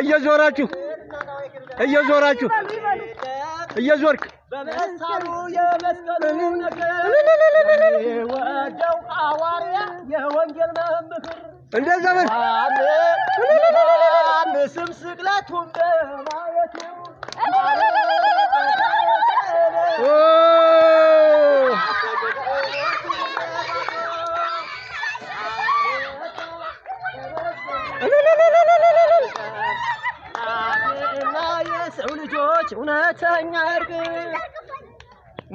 እየዞራችሁ እየዞራችሁ እየዞርክ በመሳሉ የመስቀሉን ነገር የወደው ሐዋርያ የወንጌል መምህር እንደ ዘመን ስም ስቅለቱን በማየቱ ሰዎች እውነተኛ እርግ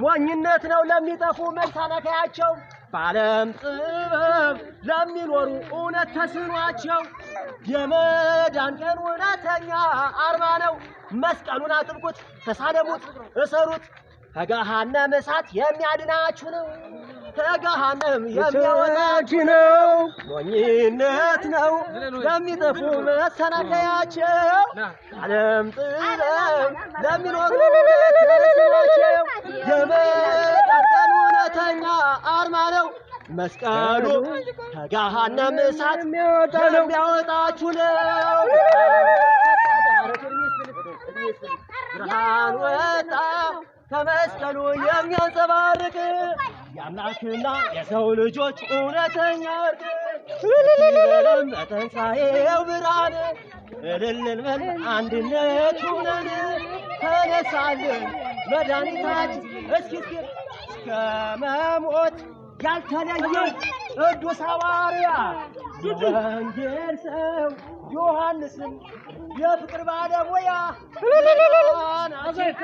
ሞኝነት ነው ለሚጠፉ መታለፊያቸው በዓለም ጥበብ ለሚኖሩ እውነት ተስኗቸው የመዳን ቀን እውነተኛ አርማ ነው። መስቀሉን አጥብቁት፣ ተሳለሙት፣ እሰሩት። ከገሃነም እሳት የሚያድናችሁ ነው። ከገሃነም የሚያወጣችሁ ነው። ሞኝነት ነው ለሚጠፉ መሰናከያቸው፣ ዓለም ጥለው ለሚኖሩ ተስባቸው። የመጠጠል እውነተኛ አርማ ነው መስቀሉ። ከገሃነም እሳት የሚያወጣችሁ ነው። ብርሃን ወጣ ከመስቀሉ የሚያንጸባርቅ የአምላክና የሰው ልጆች እውነተኛ እርቅ ይበለም በትንሣኤው ብርሃን እልልልበል አንድነት ሁነን ተነሳልን መድኃኒታችን እስኪ እስኪ እስከ መሞት ያልተለየው ቅዱስ ሐዋርያ ወንጌል ሰው ዮሐንስም የፍቅር ባለሙያ ምድር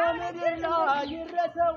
ላይ ይረሰው